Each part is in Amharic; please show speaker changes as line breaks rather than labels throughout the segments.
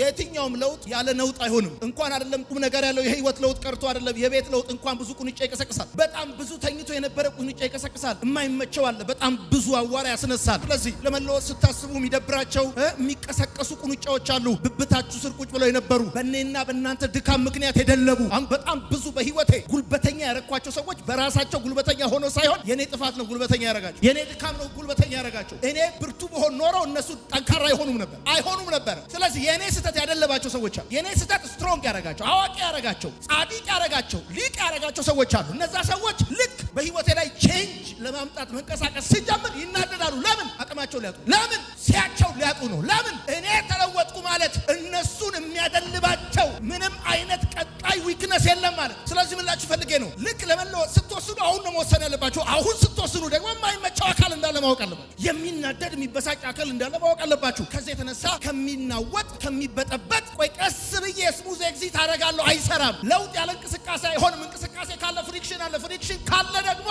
የትኛውም ለውጥ ያለ ነውጥ አይሆንም። እንኳን አይደለም ቁም ነገር ያለው የህይወት ለውጥ ቀርቶ አይደለም የቤት ለውጥ እንኳን ብዙ ቁንጫ ይቀሰቅሳል። በጣም ብዙ ተኝቶ የነበረ ቁንጫ ይቀሰቅሳል። የማይመቸው አለ። በጣም ብዙ አዋራ ያስነሳል። ስለዚህ ለመለወጥ ስታስቡ የሚደብራቸው የሚቀሰቀሱ ቁንጫዎች አሉ። ብብታችሁ ስር ቁጭ ብለው የነበሩ በእኔና በእናንተ ድካም ምክንያት የደለቡ አሁን በጣም ብዙ በህይወቴ ጉልበተኛ ያረግኳቸው ሰዎች በራሳቸው ጉልበተኛ ሆኖ ሳይሆን የኔ ጥፋት ነው ጉልበተኛ ያረጋቸው፣ የኔ ድካም ነው ጉልበተኛ ያረጋቸው። እኔ ብርቱ በሆን ኖሮ እነሱ ጠንካራ አይሆኑም ነበር አይሆኑም ነበር። ስለዚህ የኔ ስህተት ያደለባቸው ሰዎች አሉ። የኔ ስህተት ስትሮንግ ያረጋቸው፣ አዋቂ ያረጋቸው፣ ጻዲቅ ያረጋቸው፣ ሊቅ ያረጋቸው ሰዎች አሉ። እነዛ ሰዎች ልክ በህይወቴ ላይ ቼንጅ ለማምጣት መንቀሳቀስ ሲጀምር ይናደዳሉ። ለምን? አቅማቸው ሊያጡ፣ ለምን? ሲያቸው ሊያጡ ነው። ለምን? እኔ ተለወጥ ማለት እነሱን የሚያደልባቸው ምንም አይነት ቀጣይ ዊክነስ የለም ማለት። ስለዚህ ምላችሁ ፈልጌ ነው ልክ ለመለወጥ ስትወስኑ አሁን ነው መወሰን ያለባቸው። አሁን ስትወስኑ ደግሞ የማይመቸው አካል እንዳለ ማወቅ አለባችሁ። የሚናደድ የሚበሳጭ አካል እንዳለ ማወቅ አለባችሁ። ከዚ የተነሳ ከሚናወጥ ከሚበጠበጥ ቆይ ቀስ ብዬ ስሙዝ ኤግዚት አደርጋለሁ አይሰራም። ለውጥ ያለ እንቅስቃሴ አይሆንም። እንቅስቃሴ ካለ ፍሪክሽን አለ። ፍሪክሽን ካለ ደግሞ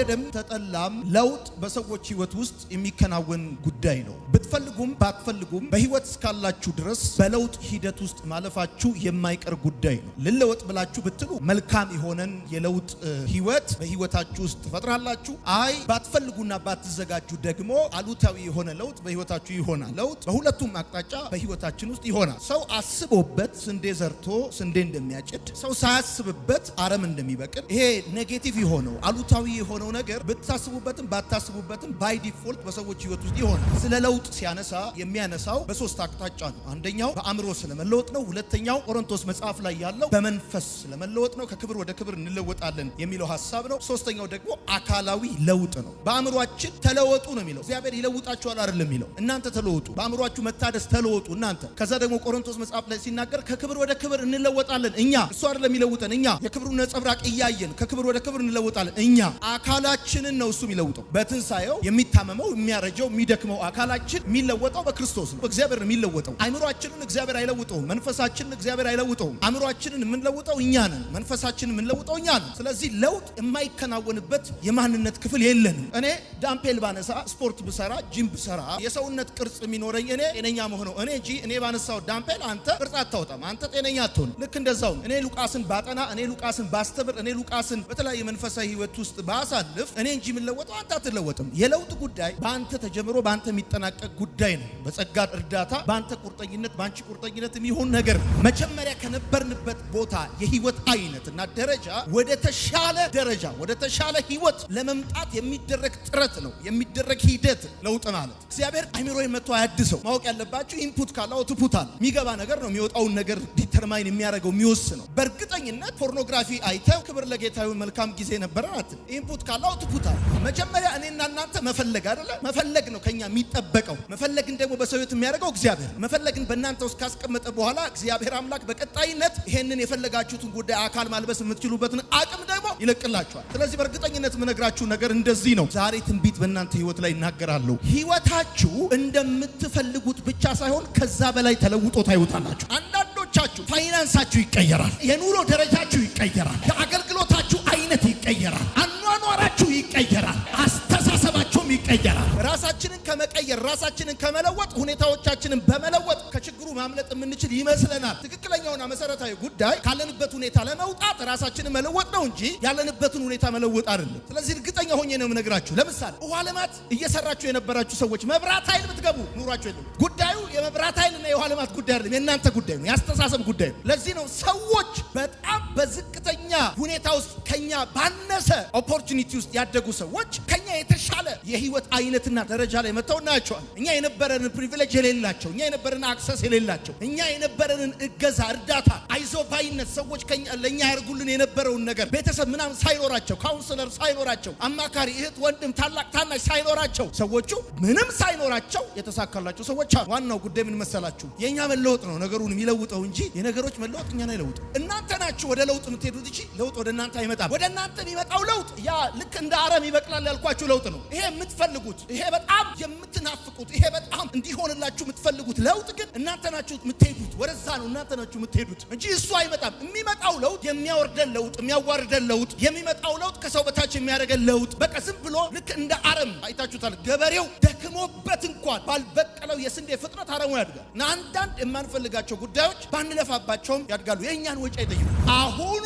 ተወደደም ተጠላም ለውጥ በሰዎች ህይወት ውስጥ የሚከናወን ጉዳይ ነው። ብትፈልጉም ባትፈልጉም በህይወት እስካላችሁ ድረስ በለውጥ ሂደት ውስጥ ማለፋችሁ የማይቀር ጉዳይ ነው። ልለወጥ ብላችሁ ብትሉ መልካም የሆነን የለውጥ ህይወት በህይወታችሁ ውስጥ ትፈጥራላችሁ። አይ ባትፈልጉና ባትዘጋጁ ደግሞ አሉታዊ የሆነ ለውጥ በህይወታችሁ ይሆናል። ለውጥ በሁለቱም አቅጣጫ በህይወታችን ውስጥ ይሆናል። ሰው አስቦበት ስንዴ ዘርቶ ስንዴ እንደሚያጭድ ሰው ሳያስብበት አረም እንደሚበቅል ይሄ ኔጌቲቭ የሆነው አሉታዊ የሆነው ነገር ብታስቡበትም ባታስቡበትም ባይ ዲፎልት በሰዎች ህይወት ውስጥ ይሆናል። ስለ ለውጥ ሲያነሳ የሚያነሳው በሶስት አቅጣጫ ነው። አንደኛው በአእምሮ ስለመለወጥ ነው። ሁለተኛው ቆሮንቶስ መጽሐፍ ላይ ያለው በመንፈስ ስለመለወጥ ነው። ከክብር ወደ ክብር እንለወጣለን የሚለው ሀሳብ ነው። ሶስተኛው ደግሞ አካላዊ ለውጥ ነው። በአእምሯችን ተለወጡ ነው የሚለው እግዚአብሔር ይለውጣችኋል አይደለም የሚለው እናንተ ተለወጡ፣ በአእምሯችሁ መታደስ ተለወጡ እናንተ። ከዛ ደግሞ ቆሮንቶስ መጽሐፍ ላይ ሲናገር ከክብር ወደ ክብር እንለወጣለን እኛ እሱ አይደለም የሚለውጠን እኛ የክብሩን ነጸብራቅ እያየን ከክብር ወደ ክብር እንለወጣለን እኛ አካ አካላችንን ነው እሱ የሚለውጠው። በትንሳኤው የሚታመመው የሚያረጀው የሚደክመው አካላችን የሚለወጠው በክርስቶስ ነው። እግዚአብሔር ነው የሚለወጠው። አይምሯችንን እግዚአብሔር አይለውጠውም። መንፈሳችንን እግዚአብሔር አይለውጠውም። አእምሯችንን የምንለውጠው እኛ ነን። መንፈሳችንን የምንለውጠው እኛ ነን። ስለዚህ ለውጥ የማይከናወንበት የማንነት ክፍል የለንም። እኔ ዳምፔል ባነሳ፣ ስፖርት ብሰራ፣ ጂም ብሰራ የሰውነት ቅርጽ የሚኖረኝ እኔ ጤነኛ መሆነው እኔ እንጂ እኔ ባነሳው ዳምፔል አንተ ቅርጽ አታወጣም፣ አንተ ጤነኛ አትሆን። ልክ እንደዛው እኔ ሉቃስን ባጠና፣ እኔ ሉቃስን ባስተብር፣ እኔ ሉቃስን በተለያየ መንፈሳዊ ህይወት ውስጥ ባሳል ስታሳልፍ እኔ እንጂ የምለወጠው አንተ አትለወጥም። የለውጥ ጉዳይ በአንተ ተጀምሮ በአንተ የሚጠናቀቅ ጉዳይ ነው። በጸጋ እርዳታ፣ በአንተ ቁርጠኝነት፣ በአንቺ ቁርጠኝነት የሚሆን ነገር መጀመሪያ ከነበርንበት ቦታ የህይወት አይነት እና ደረጃ ወደ ተሻለ ደረጃ ወደ ተሻለ ህይወት ለመምጣት የሚደረግ ጥረት ነው፣ የሚደረግ ሂደት ለውጥ ማለት። እግዚአብሔር አይምሮ መቶ አያድሰው። ማወቅ ያለባችሁ ኢንፑት ካለ አውትፑት አለ። የሚገባ ነገር ነው የሚወጣውን ነገር ዲተርማይን የሚያደርገው የሚወስነው። በእርግጠኝነት ፖርኖግራፊ አይተው ክብር ለጌታዊ መልካም ጊዜ ነበረ አትል። ኢንፑት ካለ ይመጣል። አውትፑት መጀመሪያ እኔና እናንተ መፈለግ አይደለ? መፈለግ ነው ከኛ የሚጠበቀው። መፈለግን ደግሞ በሰው የሚያደርገው እግዚአብሔር። መፈለግን በእናንተ ውስጥ ካስቀመጠ በኋላ እግዚአብሔር አምላክ በቀጣይነት ይሄንን የፈለጋችሁትን ጉዳይ አካል ማልበስ የምትችሉበትን አቅም ደግሞ ይለቅላችኋል። ስለዚህ በእርግጠኝነት የምነግራችሁ ነገር እንደዚህ ነው። ዛሬ ትንቢት በእናንተ ህይወት ላይ ይናገራለሁ። ህይወታችሁ እንደምትፈልጉት ብቻ ሳይሆን ከዛ በላይ ተለውጦ ታይወጣላችሁ። አንዳንዶቻችሁ ፋይናንሳችሁ ይቀየራል። የኑሮ ደረጃችሁ ይቀየራል። የአገልግሎታችሁ አይነት ይቀየራል። ይቀየራል። ራሳችንን ከመቀየር ራሳችንን ከመለወጥ ሁኔታዎቻችንን በመለወጥ ከችግሩ ማምለጥ የምንችል ይመስለናል። ትክክለኛውና መሰረታዊ ጉዳይ ካለንበት ሁኔታ ለመውጣት ራሳችንን መለወጥ ነው እንጂ ያለንበትን ሁኔታ መለወጥ አይደለም። ስለዚህ እርግጠኛ ሆኜ ነው የምነግራችሁ። ለምሳሌ ውሃ ልማት እየሰራችሁ የነበራችሁ ሰዎች መብራት ኃይል ብትገቡ ኑሯችሁ የለም። ጉዳዩ የመብራት ኃይልና የውሃ ልማት ጉዳይ አይደለም፣ የእናንተ ጉዳይ ነው፣ የአስተሳሰብ ጉዳይ ነው። ለዚህ ነው ሰዎች በጣም በዝቅተኛ ሁኔታ ውስጥ ከኛ ባነሰ ኦፖርቹኒቲ ውስጥ ያደጉ ሰዎች ከኛ የተሻለ የህይወት አይነትና ደረጃ ላይ መ ሰርተው እኛ የነበረንን ፕሪቪሌጅ የሌላቸው፣ እኛ የነበረን አክሰስ የሌላቸው፣ እኛ የነበረንን እገዛ፣ እርዳታ፣ አይዞ ባይነት ሰዎች ለእኛ ያደርጉልን የነበረውን ነገር ቤተሰብ ምናምን ሳይኖራቸው፣ ካውንስለር ሳይኖራቸው፣ አማካሪ እህት፣ ወንድም፣ ታላቅ ታናሽ ሳይኖራቸው ሰዎቹ ምንም ሳይኖራቸው የተሳካላቸው ሰዎች አሉ። ዋናው ጉዳይ ምን መሰላችሁ? የእኛ መለወጥ ነው ነገሩን የሚለውጠው እንጂ የነገሮች መለወጥ እኛን አይለውጥም። እናንተ ናችሁ ወደ ለውጥ የምትሄዱት እንጂ ለውጥ ወደ እናንተ አይመጣም። ወደ እናንተ የሚመጣው ለውጥ ያ ልክ እንደ አረም ይበቅላል ያልኳችሁ ለውጥ ነው። ይሄ የምትፈልጉት ይሄ በጣም የምትናፍቁት ይሄ በጣም እንዲሆንላችሁ የምትፈልጉት ለውጥ ግን እናንተ ናችሁ የምትሄዱት፣ ወደዛ ነው እናንተ ናችሁ የምትሄዱት እንጂ እሱ አይመጣም። የሚመጣው ለውጥ የሚያወርደን ለውጥ፣ የሚያዋርደን ለውጥ፣ የሚመጣው ለውጥ ከሰው በታች የሚያደርገን ለውጥ በቃ ዝም ብሎ ልክ እንደ አረም አይታችሁታል። ገበሬው ደክሞበት እንኳን ባልበቀለው የስንዴ ፍጥነት አረሙ ያድጋል። እና አንዳንድ የማንፈልጋቸው ጉዳዮች ባንለፋባቸውም ያድጋሉ። የእኛን ወጪ አይጠይቁ አሁኑ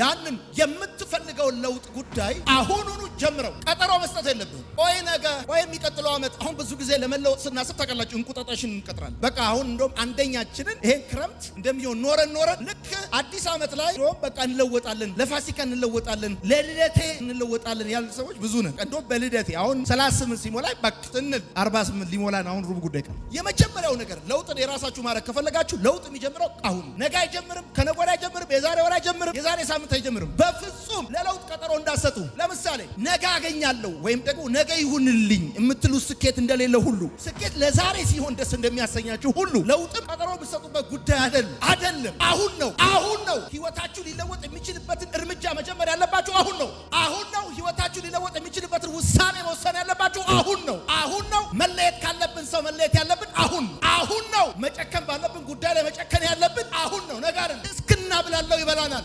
ያንን የምትፈልገውን ለውጥ ጉዳይ አሁኑኑ ጀምረው ቀጠሮ መስጠት የለብህም። ቆይ ነገ፣ ወይ የሚቀጥለው ዓመት። አሁን ብዙ ጊዜ ለመለወጥ ስናስብ ታውቃላችሁ፣ እንቁጣጣሽን እንቀጥራለን። በቃ አሁን እንደውም አንደኛችንን ይሄን ክረምት እንደሚሆን ኖረን ኖረን ልክ አዲስ ዓመት ላይ እንደውም በቃ እንለወጣለን፣ ለፋሲካ እንለወጣለን፣ ለልደቴ እንለወጣለን ያሉ ሰዎች ብዙ ነን። እንደውም በልደቴ አሁን 38 ሲሞላይ በቃ እንል 48 ሊሞላን አሁን ሩብ ጉዳይ ቀር። የመጀመሪያው ነገር ለውጥን የራሳችሁ ማድረግ ከፈለጋችሁ ለውጥ የሚጀምረው አሁን ነገ አይጀምርም፣ ከነገ ወዲያ አይጀምርም፣ የዛሬ ወር አይጀምርም፣ የዛሬ ሳምንት አይጀምርም። በፍጹም ለለውጥ ቀጠሮ እንዳሰጡ። ለምሳሌ ነገ አገኛለሁ ወይም ደግሞ ነገ ይሁንልኝ የምትሉ ስኬት እንደሌለ ሁሉ ስኬት ለዛሬ ሲሆን ደስ እንደሚያሰኛችሁ ሁሉ ለውጥም ቀጠሮ የምትሰጡበት ጉዳይ አይደለም። አይደለም። አሁን ነው። አሁን ነው ህይወታችሁ ሊለወጥ የሚችልበትን እርምጃ መጀመር ያለባችሁ አሁን ነው። አሁን ነው ህይወታችሁ ሊለወጥ የሚችልበትን ውሳኔ መወሰን ያለባችሁ አሁን ነው። አሁን ነው መለየት ካለብን ሰው መለየት ያለብን አሁን አሁን ነው። መጨከን ባለብን ጉዳይ ላይ መጨከን ያለብን አሁን ነው። ነጋርን እስክና ብላለው ይበላናል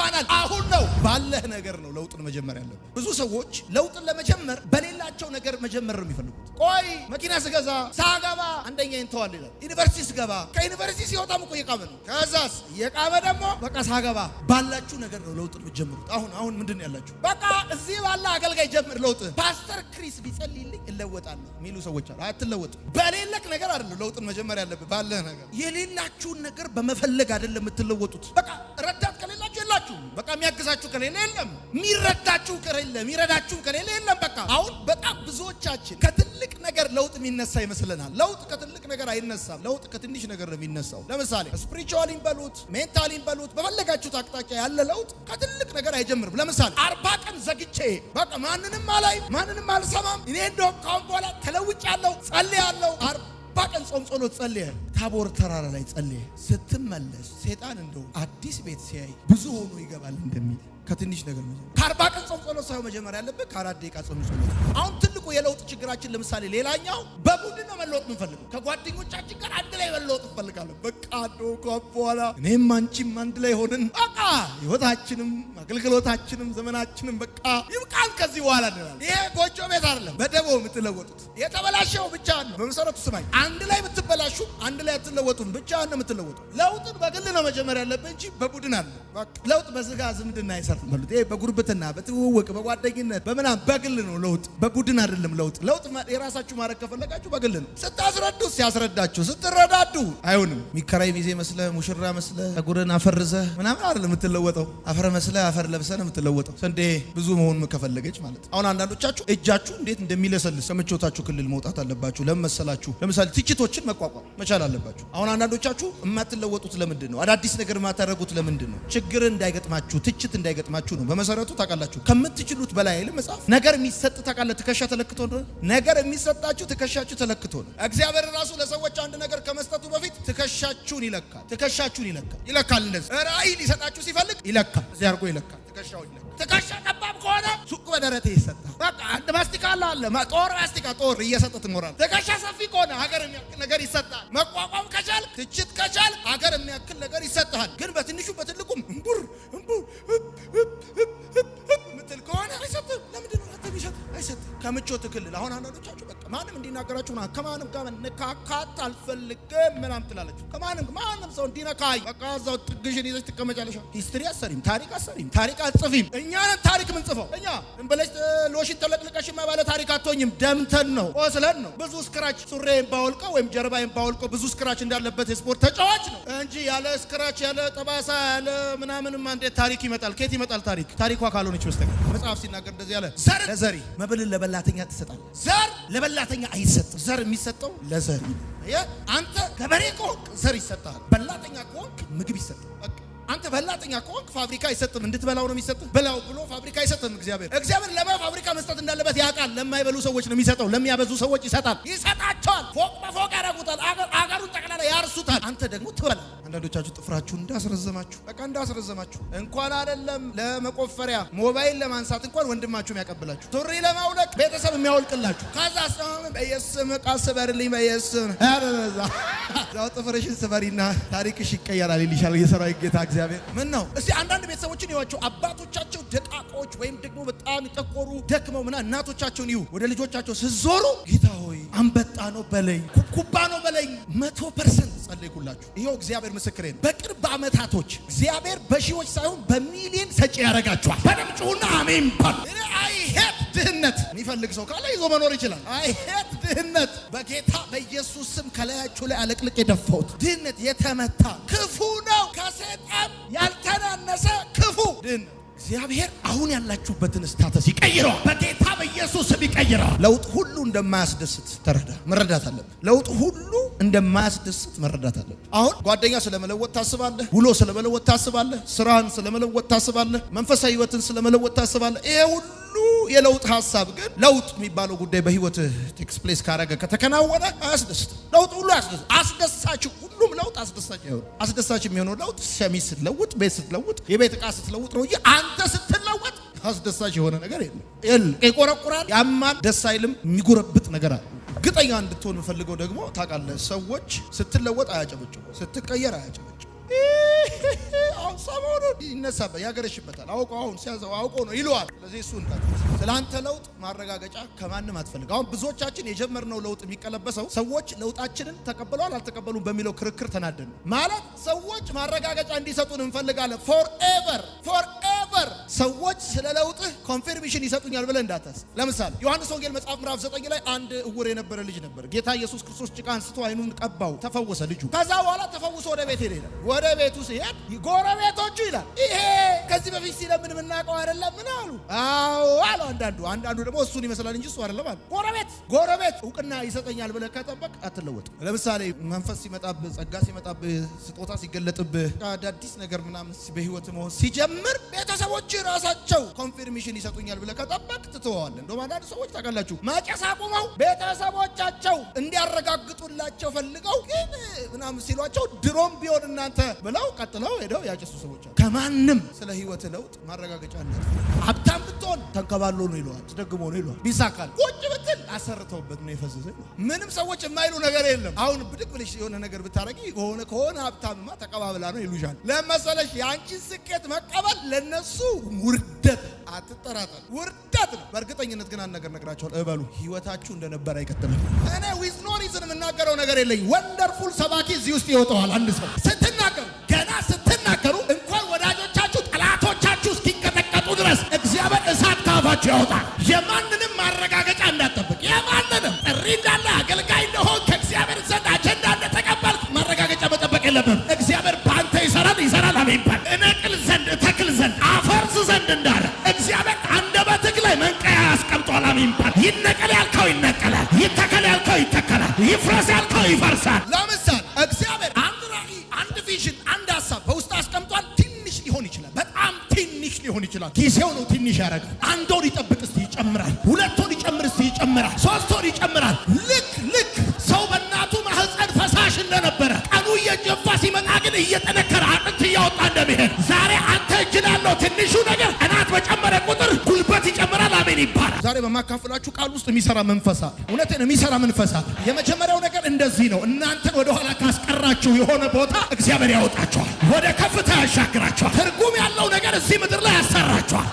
ይገፋናል። አሁን ነው ባለህ ነገር ነው ለውጥን መጀመር ያለው። ብዙ ሰዎች ለውጥን ለመጀመር በሌላቸው ነገር መጀመር ነው የሚፈልጉት። ቆይ መኪና ስገዛ፣ ሳገባ አንደኛ ይንተዋል ይላል። ዩኒቨርሲቲ ስገባ፣ ከዩኒቨርሲቲ ሲወጣም እኮ እየቃመ ነው። ከዛስ እየቃመ ደግሞ በቃ ሳገባ፣ ባላችሁ ነገር ነው ለውጥን መጀመሩት። አሁን አሁን ምንድን ነው ያላችሁ? በቃ እዚህ ባለ አገልጋይ ጀምር ለውጥ። ፓስተር ክሪስ ቢጸልይልኝ እለወጣለሁ የሚሉ ሰዎች አሉ። አትለወጥ። በሌለክ ነገር አይደለም ለውጥን መጀመር ያለብህ፣ ባለህ ነገር። የሌላችሁን ነገር በመፈለግ አይደለም የምትለወጡት። በቃ ረዳ አላችሁ። በቃ የሚያግዛችሁ ከሌለ የለም፣ የሚረዳችሁ ከሌለ የሚረዳችሁ ከሌለ የለም። በቃ አሁን በጣም ብዙዎቻችን ከትልቅ ነገር ለውጥ የሚነሳ ይመስለናል። ለውጥ ከትልቅ ነገር አይነሳም። ለውጥ ከትንሽ ነገር ነው የሚነሳው። ለምሳሌ ስፒሪቹዋሊን በሉት ሜንታሊን በሉት በፈለጋችሁት አቅጣጫ ያለ ለውጥ ከትልቅ ነገር አይጀምርም። ለምሳሌ አርባ ቀን ዘግቼ በቃ ማንንም አላይም፣ ማንንም አልሰማም፣ እኔ እንደውም ካሁን በኋላ ተለውጫለሁ፣ ጸልያለሁ አርባ ቀን ጾም ጸሎት ጸልየ ታቦር ተራራ ላይ ጸልየ ስትመለስ ሴጣን እንደው አዲስ ቤት ሲያይ ብዙ ሆኖ ይገባል እንደሚል ከትንሽ ነገር መጀመር ከአርባ ቀን ጾም ጸሎት ሳይሆን መጀመር ያለብህ ከአራት ደቂቃ ጾም አሁን ትልቁ የለውጥ ችግራችን ለምሳሌ ሌላኛው በቡድን ነው መለወጥ የምንፈልገው። ከጓደኞቻችን ጋር አንድ ላይ መለወጥ እንፈልጋለን። በቃ አንዱ ከብ በኋላ እኔም አንቺም አንድ ላይ ሆንን በቃ ህይወታችንም አገልግሎታችንም ዘመናችንም በቃ ይብቃል። ከዚህ በኋላ እንላለን። ይሄ ጎጆ ቤት አይደለም። በደቦ የምትለወጡት የተበላሸው ብቻ ነው። በመሰረቱ ስማኝ፣ አንድ ላይ ብትበላሹ አንድ ላይ አትለወጡም። ብቻ ነው የምትለወጡ። ለውጥን በግል ነው መጀመር ያለብን እንጂ በቡድን አለ ለውጥ በስጋ ዝምድና አይሰርም። ይሄ በጉርብትና በትውውቅ በጓደኝነት በምናም በግል ነው ለውጥ በቡድን አይደለም ለውጥ። ለውጥ የራሳችሁ ማድረግ ከፈለጋችሁ በግል ነው። ስታስረዱ ሲያስረዳችሁ፣ ስትረዳዱ አይሆንም። ሚከራይ ሚዜ መስለ ሙሽራ መስለ ጉርን አፈርዘ ምናምን አይደለም የምትለወጠው። አፈር መስለ አፈር ለብሰ ነው የምትለወጠው። ስንዴ ብዙ መሆን ከፈለገች ማለት አሁን አንዳንዶቻችሁ እጃችሁ እንዴት እንደሚለሰልስ ከምቾታችሁ ክልል መውጣት አለባችሁ። ለመሰላችሁ ለምሳሌ ትችቶችን መቋቋም መቻል አለባችሁ። አሁን አንዳንዶቻችሁ የማትለወጡት ለምንድን ነው? አዳዲስ ነገር የማታደርጉት ለምንድን ነው? ችግር እንዳይገጥማችሁ፣ ትችት እንዳይገጥማችሁ ነው። በመሰረቱ ታውቃላችሁ ከምትችሉት በላይ አይልም መጽሐፍ ነገር የሚሰጥ ታውቃለህ ትከሻ ተለክቶ እንደሆነ ነገር የሚሰጣችሁ ትከሻችሁ ተለክቶ ነው። እግዚአብሔር ራሱ ለሰዎች አንድ ነገር ከመስጠቱ በፊት ትከሻችሁን ይለካል። ትከሻችሁን ይለካል ይለካል። እንደዚህ ራእይ ሊሰጣችሁ ሲፈልግ ይለካል። እዚህ አድርጎ ይለካል። ትከሻውን ይለካል። ትከሻ ጠባብ ከሆነ ሱቅ በደረቴ ይሰጣል። በቃ አንድ ማስቲካ አለ አለ ጦር ማስቲካ ጦር እየሰጠ ትኖራል። ትከሻ ሰፊ ከሆነ ሀገር የሚያክል ነገር ይሰጣል። መቋቋም ከቻል ትችት ከቻል ሀገር የሚያክል ነገር ይሰጥሃል። ግን በትንሹ በትልቁም እምቡር እምቡር ከምቾት ክልል አሁን አንዳንዶቻችሁ በቃ ማንም እንዲናገራችሁ ና ከማንም ጋር ንካካት አልፈልግም ምናም ትላለች። ከማንም ማንም ሰው እንዲነካይ በቃ እዛው ጥግሽን ይዘሽ ትቀመጫለሽ። ሂስትሪ አሰሪም ታሪክ አሰሪም ታሪክ አጽፊም እኛ ነን ታሪክ ምንጽፈው እኛ እንበለሽ ሎሽን ተለቅልቀሽ ባለ ታሪክ አትሆኝም። ደምተን ነው ቆስለን ነው ብዙ ስክራች ሱሬን ባወልቀ ወይም ጀርባዬን ባወልቀ ብዙ ስክራች እንዳለበት የስፖርት ተጫዋች ነው እንጂ ያለ ስክራች ያለ ጠባሳ ያለ ምናምንም እንዴት ታሪክ ይመጣል? ከየት ይመጣል ታሪክ? ታሪኳ ካልሆነች በስተቀር መጽሐፍ ሲናገር እንደዚህ ያለ ዘር ለዘሪ መብልን ለበላተኛ ትሰጣል። ዘር ለበላ ለበላተኛ አይሰጥም። ዘር የሚሰጠው ለዘር አንተ ገበሬ ከሆንክ ዘር ይሰጣል። በላተኛ ከሆንክ ምግብ ይሰጣል። አንተ በላጥኛ ከሆንክ ፋብሪካ አይሰጥም፣ እንድትበላው ነው የሚሰጥ። በላው ብሎ ፋብሪካ አይሰጥም። እግዚአብሔር እግዚአብሔር ለማ ፋብሪካ መስጠት እንዳለበት ያውቃል። ለማይበሉ ሰዎች ነው የሚሰጠው፣ ለሚያበዙ ሰዎች ይሰጣል፣ ይሰጣቸዋል። ፎቅ በፎቅ ያደርጉታል፣ አገሩን ጠቅላላ ያርሱታል። አንተ ደግሞ ትበላ። አንዳንዶቻችሁ ጥፍራችሁ እንዳስረዘማችሁ በቃ እንዳስረዘማችሁ እንኳን አይደለም ለመቆፈሪያ ሞባይል ለማንሳት እንኳን ወንድማችሁ የሚያቀብላችሁ ሱሪ ለማውለቅ ቤተሰብ የሚያወልቅላችሁ ከዛ በየስም ዕቃ ስበርልኝ በየስም ጥፍርሽን ስበሪና ታሪክሽ ይቀየራል ይልሻል የሰራዊት ጌታ እግዚአብሔር እግዚአብሔር ምን ነው እስቲ አንዳንድ ቤተሰቦችን ይዋቸው። አባቶቻቸው ደቃቆች ወይም ደግሞ በጣም የጠቆሩ ደክመው ምና እናቶቻቸውን ይዩ ወደ ልጆቻቸው ስዞሩ ጌታ ሆይ አንበጣ ነው በለኝ ኩኩባ ነው በለኝ መቶ ፐርሰንት ጸለይኩላችሁ። ይኸው እግዚአብሔር ምስክሬ ነው። በቅርብ ዓመታቶች እግዚአብሔር በሺዎች ሳይሆን በሚሊዮን ሰጪ ያደርጋችኋል። በደምጭሁና አሜን ባል ድህነት የሚፈልግ ሰው ካለ ይዞ መኖር ይችላል። አይሄድ ድህነት በጌታ በኢየሱስ ስም ከላያችሁ ላይ አለቅልቅ የደፋሁት ድህነት የተመታ ክፉ ነው። ከሰይጣን ያልተናነሰ ክፉ ድህነት እግዚአብሔር አሁን ያላችሁበትን ስታተስ ይቀይረዋል። በጌታ በኢየሱስ ስም ይቀይረዋል። ለውጥ ሁሉ እንደማያስደስት ተረዳ መረዳት አለብን። ለውጥ ሁሉ እንደማያስደስት መረዳት አለብን። አሁን ጓደኛ ስለመለወጥ ታስባለህ፣ ውሎ ስለመለወጥ ታስባለህ፣ ስራህን ስለመለወጥ ታስባለህ፣ መንፈሳዊ ህይወትን ስለመለወጥ ታስባለህ። ይሄ ሁሉ ሁሉ የለውጥ ሀሳብ ግን ለውጥ የሚባለው ጉዳይ በህይወት ኤክስፕሌስ ካረገ ከተከናወነ አያስደስት። ለውጥ ሁሉ አያስደስት። አስደሳች ሁሉም ለውጥ አስደሳች አይሆንም። አስደሳች የሚሆነው ለውጥ ሸሚ ስትለውጥ፣ ቤት ስትለውጥ፣ የቤት ዕቃ ስትለውጥ ነው እንጂ አንተ ስትለወጥ አስደሳች የሆነ ነገር የለም። የለም ይቆረቁራል ያማል፣ ደስ አይልም። የሚጎረብጥ ነገር አለ። ግጠኛ እንድትሆን የምፈልገው ደግሞ ታውቃለህ፣ ሰዎች ስትለወጥ አያጨበጭቡ፣ ስትቀየር አያጨበጭቡ አሁን ሰሞኑን ይነሳበት ያገረሽበታል። አውቆ አሁን ሲያዘው አውቆ ነው ይለዋል። ስለዚህ እሱ እንዳ ስለአንተ ለውጥ ማረጋገጫ ከማንም አትፈልግ። አሁን ብዙዎቻችን የጀመርነው ለውጥ የሚቀለበሰው ሰዎች ለውጣችንን ተቀብለዋል አልተቀበሉም በሚለው ክርክር ተናደኑ። ማለት ሰዎች ማረጋገጫ እንዲሰጡን እንፈልጋለን ፎር ኤቨር ሰዎች ስለ ለውጥህ ኮንፊርሜሽን ይሰጡኛል ብለህ እንዳታስብ። ለምሳሌ ዮሐንስ ወንጌል መጽሐፍ ምዕራፍ 9 ላይ አንድ እውር የነበረ ልጅ ነበር። ጌታ ኢየሱስ ክርስቶስ ጭቃ አንስቶ አይኑን ቀባው፣ ተፈወሰ ልጁ። ከዛ በኋላ ተፈውሶ ወደ ቤት ሄደ ወደ ቤቱ ሲሄድ ጎረቤቶቹ ይላል ይሄ ከዚህ በፊት ሲለምን የምናውቀው አይደለም ምን አሉ? አዎ አሉ አንዳንዱ። አንዳንዱ ደግሞ እሱን ይመስላል እንጂ እሱ አይደለም አሉ። ጎረቤት ጎረቤት እውቅና ይሰጠኛል ብለህ ከጠበቅ አትለወጥም። ለምሳሌ መንፈስ ሲመጣብህ፣ ጸጋ ሲመጣብህ፣ ስጦታ ሲገለጥብህ፣ አዳዲስ ነገር ምናምን በህይወት መሆን ሲጀምር ቤተሰቦች ራሳቸው ኮንፊርሜሽን ይሰጡኛል ብለህ ከጠበቅ ትተዋዋለህ። እንደውም አንዳንድ ሰዎች ታውቃላችሁ ማጨስ አቁመው ቤተሰቦቻቸው እንዲያረጋግጡላቸው ፈልገው ግን ምናምን ሲሏቸው ድሮም ቢሆን እናንተ ብለው ቀጥለው ሄደው ያጨሱ ሰዎች አሉ። ከማንም ስለ ህይወት ለውጥ ማረጋገጫ አለ። ሀብታም ብትሆን ተንከባሎ ነው ይለዋል፣ ደግሞ ነው ይለዋል። ቢሳካል ቁጭ ብትል አሰርተውበት ነው የፈዘዘ። ምንም ሰዎች የማይሉ ነገር የለም። አሁን ብድግ ብለሽ የሆነ ነገር ብታረጊ ሆነ ከሆነ ሀብታምማ ተቀባብላ ነው ይሉሻል። ለመሰለሽ የአንቺን ስኬት መቀበል ለነሱ ውርደት አትጠራጠር፣ ውርደት ነው። በእርግጠኝነት ግን አንድ ነገር ነግራቸዋል። እበሉ ህይወታችሁ እንደነበረ አይቀጥልም። እኔ ሪዝን የምናገረው ነገር የለኝ። ወንደርፉል ሰባኪ እዚህ ውስጥ ይወጣዋል። አንድ ሰው ስትናገሩ ገና ስትናገሩ እንኳን ወዳጆቻችሁ ጠላቶቻችሁ እስኪቀጠቀጡ ድረስ እግዚአብሔር እሳት ካፋችሁ ያወጣል። ይፍረሳል። ተው ይፈርሳል። ለምሳሌ እግዚአብሔር አንድ ራዕይ፣ አንድ ቪዥን፣ አንድ ሀሳብ በውስጥ አስቀምጧል። ትንሽ ሊሆን ይችላል፣ በጣም ትንሽ ሊሆን ይችላል። ጊዜው ነው ትንሽ ያደርጋል። አንድ ወር ይጠብቅ እስቲ ይጨምራል። ሁለት ወር ይጨምር እስቲ ይጨምራል። ሶስት ወር ይጨምራል። ዛሬ በማካፈላችሁ ቃል ውስጥ የሚሰራ መንፈሳ እውነትን የሚሰራ መንፈሳ። የመጀመሪያው ነገር እንደዚህ ነው። እናንተን ወደኋላ ኋላ ካስቀራችሁ የሆነ ቦታ እግዚአብሔር ያወጣችኋል፣ ወደ ከፍታ ያሻግራችኋል። ትርጉም ያለው ነገር እዚህ ምድር ላይ ያሰራችኋል።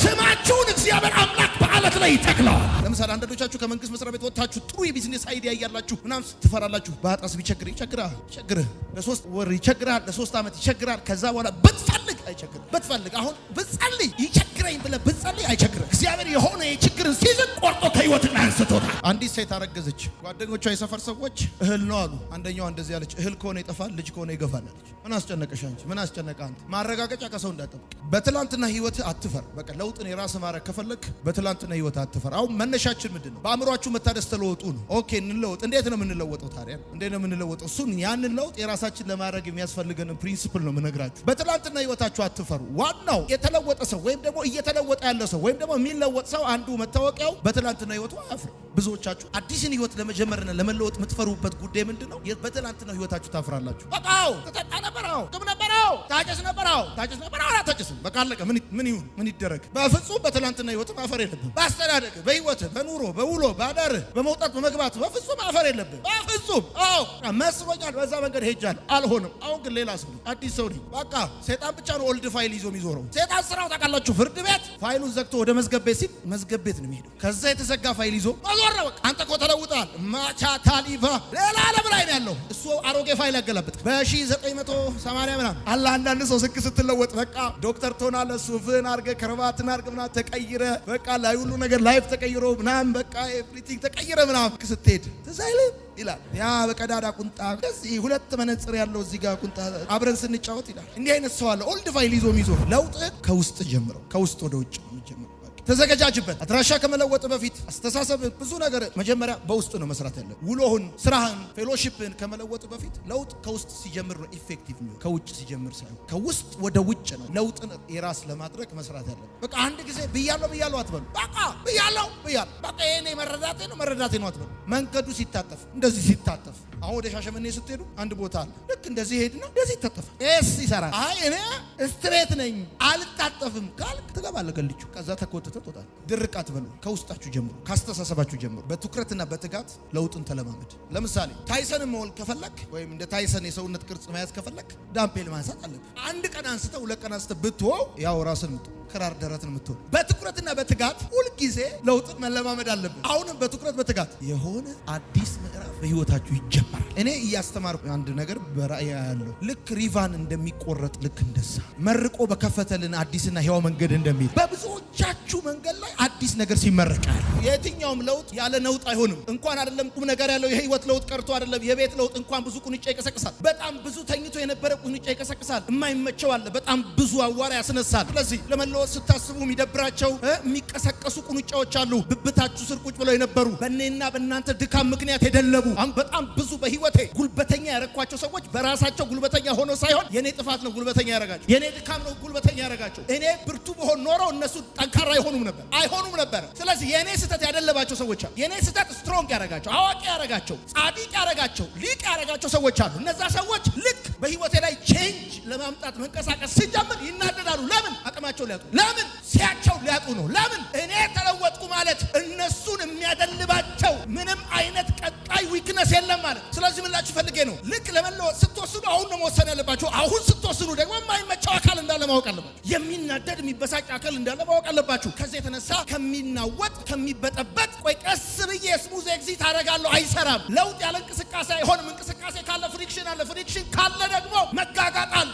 ስማችሁን እግዚአብሔር አምላክ በአለት ላይ ይተክለዋል። ለምሳሌ አንዳንዶቻችሁ ከመንግስት መስሪያ ቤት ወጥታችሁ ጥሩ የቢዝነስ አይዲያ እያላችሁ ምናም ትፈራላችሁ። በአጣስ ቢቸግር ይቸግራል፣ ይቸግርህ ለሶስት ወር ይቸግራል፣ ለሶስት ዓመት ይቸግራል። ከዛ በኋላ ብትፈልግ አይቸግርም፣ ብትፈልግ አሁን ብትጸልይ ችግረኝ ብለህ ብትጸልይ አይቸግርም። እግዚአብሔር የሆነ የችግርን ሲዝን ቆርጦ ከህይወት አንስቶታል። አንዲት ሴት አረገዘች። ጓደኞቿ የሰፈር ሰዎች እህል ነው አሉ። አንደኛዋ እንደዚህ ያለች እህል ከሆነ ይጠፋል፣ ልጅ ከሆነ ይገፋል አለች። ምን አስጨነቀሽ አንቺ? ምን አስጨነቀ አንተ? ማረጋገጫ ከሰው እንዳጠብቅ በትላንትና ህይወት አትፈር። በቃ ለውጥን የራስ ማድረግ ከፈለግ በትላንትና ህይወት አትፈር። አሁን መነሻችን ምንድን ነው? በአእምሯችሁ መታደስ ተለወጡ ነው። ኦኬ እንለወጥ። እንዴት ነው የምንለወጠው ታዲያ? እንዴት ነው የምንለወጠው? እሱን ያንን ለውጥ የራሳችን ለማድረግ የሚያስፈልገንን ፕሪንስፕል ነው የምነግራችሁ። በትላንትና ህይወታችሁ አትፈሩ። ዋናው የተለወጠ ሰው ወይም ደግሞ እየተለወጠ ያለ ሰው ወይም ደግሞ የሚለወጥ ሰው አንዱ መታወቂያው በትላንትና ህይወቱ አያፍርም። ብዙዎቻችሁ አዲስን ህይወት ለመጀመርና ለመለወጥ የምትፈሩበት ጉዳይ ምንድን ነው? በትናንትናው ህይወታችሁ ታፍራላችሁ። በቃው ተጠጣ ነበራው፣ ግብ ነበራው፣ ታጨስ ነበራው፣ ታጨስ ነበራው፣ አላታጨስም። በቃ አለቀ። ምን ይሁን ምን ይደረግ? በፍጹም በትናንትና ህይወት ማፈር የለብም በአስተዳደግ፣ በህይወት፣ በኑሮ፣ በውሎ፣ በአዳር፣ በመውጣት፣ በመግባት በፍጹም ማፈር የለብን። በፍጹም አዎ፣ መስሎኛል፣ በዛ መንገድ ሄጃለሁ፣ አልሆንም። አሁን ግን ሌላ ሰው አዲስ ሰው ነኝ። በቃ ሴጣን ብቻ ነው ኦልድ ፋይል ይዞ የሚዞረው። ሴጣን ስራው ታውቃላችሁ፣ ፍርድ ቤት ፋይሉን ዘግቶ ወደ መዝገብ ቤት ሲል መዝገብ ቤት ነው የሚሄደው። ከዛ የተዘጋ ፋይል ይዞ ተወራ። በቃ አንተ እኮ ተለውጣል። ማቻ ታሊቫ ሌላ ዓለም ላይ ነው ያለው። እሱ አሮጌ ፋይል ያገለበት በ1980 ምናምን አለ። አንዳንድ ሰው ስክ ስትለወጥ በቃ ዶክተር ትሆናለህ፣ ሱፍህን አርገ ከረባትን አርገ ምናምን ተቀይረ በቃ ላይ ሁሉ ነገር ላይፍ ተቀይሮ ምናምን በቃ ኤቭሪቲንግ ተቀይረህ ምናምን ስትሄድ ትዝ ይላል። ያ በቀዳዳ ቁንጣ ከዚህ ሁለት መነጽር ያለው እዚህ ጋር ቁንጣ አብረን ስንጫወት ይላል። እንዲህ አይነት ሰው አለ። ኦልድ ፋይል ይዞ ይዞ ለውጥ ከውስጥ ጀምረው ከውስጥ ወደ ውጭ ነው የሚጀምረው። ተዘገጃጅበት። አድራሻ ከመለወጥ በፊት አስተሳሰብ፣ ብዙ ነገር መጀመሪያ በውስጥ ነው መስራት ያለ። ውሎህን፣ ስራህን፣ ፌሎሺፕን ከመለወጥ በፊት ለውጥ ከውስጥ ሲጀምር ነው ኢፌክቲቭ ነው፣ ከውጭ ሲጀምር ሳይሆን ከውስጥ ወደ ውጭ ነው ለውጥን የራስ ለማድረግ መስራት ያለ። በቃ አንድ ጊዜ ብያለሁ ብያለሁ አትበሉ። በቃ ብያለሁ ብያለሁ በቃ ይሄኔ መረዳቴ ነው መረዳቴ ነው አትበሉ። መንገዱ ሲታጠፍ እንደዚህ ሲታጠፍ አሁን ወደ ሻሸመኔ ስትሄዱ አንድ ቦታ አለ። ልክ እንደዚህ ሄድና እንደዚህ ይታጠፋል። ስ ይሰራል። አይ እኔ ስትሬት ነኝ አልጣጠፍም ካልክ ትገባለህ ገልቹ። ከዛ ተኮትተ ትወጣለህ። ድርቅ አትበሉ። ከውስጣችሁ ጀምሮ፣ ካስተሳሰባችሁ ጀምሮ በትኩረትና በትጋት ለውጥን ተለማመድ። ለምሳሌ ታይሰን መሆን ከፈለክ ወይም እንደ ታይሰን የሰውነት ቅርጽ መያዝ ከፈለክ ዳምፔል ማንሳት አለብህ። አንድ ቀን አንስተ ሁለት ቀን አንስተ ብትወው ያው ራስን ምጥ ክራር ደረት ነው የምትሆን። በትኩረትና በትጋት ሁልጊዜ ለውጥ መለማመድ አለብን። አሁንም በትኩረት በትጋት የሆነ አዲስ ምዕራፍ በህይወታችሁ ይጀመራል። እኔ እያስተማር አንድ ነገር በራእያ ያለው ልክ ሪቫን እንደሚቆረጥ ልክ እንደዛ መርቆ በከፈተልን አዲስና ሕያው መንገድ እንደሚል በብዙዎቻችሁ መንገድ ላይ አዲስ ነገር ሲመረቃል። የትኛውም ለውጥ ያለ ነውጥ አይሆንም። እንኳን አይደለም ቁም ነገር ያለው የህይወት ለውጥ ቀርቶ አይደለም የቤት ለውጥ እንኳን ብዙ ቁንጫ ይቀሰቅሳል። በጣም ብዙ ተኝቶ የነበረ ቁንጫ ይቀሰቅሳል። የማይመቸው አለ። በጣም ብዙ አዋራ ያስነሳል። ስለዚህ ለመለወ ስታስቡ የሚደብራቸው የሚቀሰቀሱ ቁንጫዎች አሉ። ብብታችሁ ስር ቁጭ ብለው የነበሩ በእኔና በእናንተ ድካም ምክንያት የደለቡ አሁን በጣም ብዙ በህይወቴ ጉልበተኛ ያረግኳቸው ሰዎች በራሳቸው ጉልበተኛ ሆኖ ሳይሆን የኔ ጥፋት ነው ጉልበተኛ ያረጋቸው፣ የኔ ድካም ነው ጉልበተኛ ያረጋቸው። እኔ ብርቱ በሆን ኖረው እነሱ ጠንካራ አይሆኑም ነበር አይሆኑም ነበር። ስለዚህ የእኔ ስህተት ያደለባቸው ሰዎች አሉ። የእኔ ስህተት ስትሮንግ ያረጋቸው፣ አዋቂ ያረጋቸው፣ ጻዲቅ ያረጋቸው፣ ሊቅ ያረጋቸው ሰዎች አሉ። እነዛ ሰዎች ልክ በህይወቴ ላይ ቼንጅ ለማምጣት መንቀሳቀስ ሲጀምር ይናደዳሉ። ለምን አቅማቸው ሊያጡ ለምን ሲያቸው ሊያጡ ነው። ለምን እኔ ተለወጥኩ ማለት እነሱን የሚያደልባቸው ምንም አይነት ቀጣይ ዊክነስ የለም ማለት። ስለዚህ ምላችሁ ፈልጌ ነው ልክ ለመለወጥ ስትወስኑ አሁን ነው መወሰን ያለባቸው። አሁን ስትወስኑ ደግሞ የማይመቸው አካል እንዳለ ማወቅ አለባችሁ። የሚናደድ የሚበሳጭ አካል እንዳለ ማወቅ አለባችሁ። ከዚህ የተነሳ ከሚናወጥ ከሚበጠበጥ ቆይ ቀስ ብዬ ስሙዝ ኤግዚት አደርጋለሁ አይሰራም። ለውጥ ያለ እንቅስቃሴ አይሆንም። እንቅስቃሴ ካለ ፍሪክሽን አለ። ፍሪክሽን ካለ ደግሞ መጋጋጣል